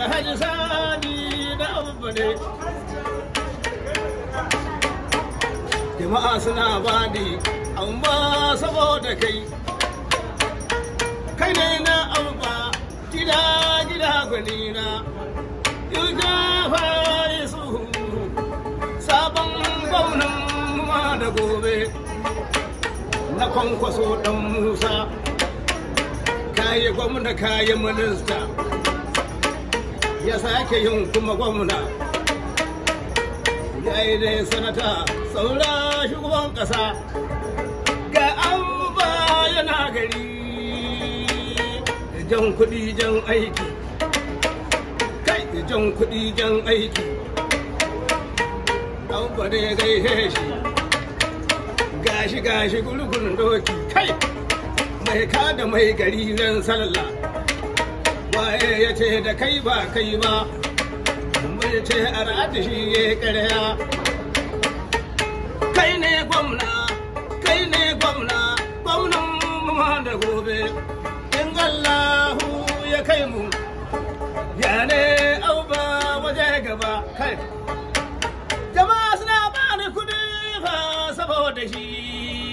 alhaji sani na jama'a suna bani amma saboda kai kai ne na amma gida gida gwanina yujafa yesu sabon gwamnan ma da gobe na kwankwaso dan musa kayi gwamna kayi minista Ya sake yin kuma gwamna Ya yi daidai sanata saura shugaban kasa ga an yana gari jan kudi jan aiki kai jan kudi jan aiki abubuwa da ya gaishe shi gashi gashi gurgun doki kai mai kada mai gari nan sallah waye ya ce da kai ba kai ba mai ce a ya karya kai ne gwamna kai ne gwamna gwamnan mu da gobe in allahu ya kai mu ya ne au ba waje gaba kai jama'a suna bani kuɗi fa saboda shi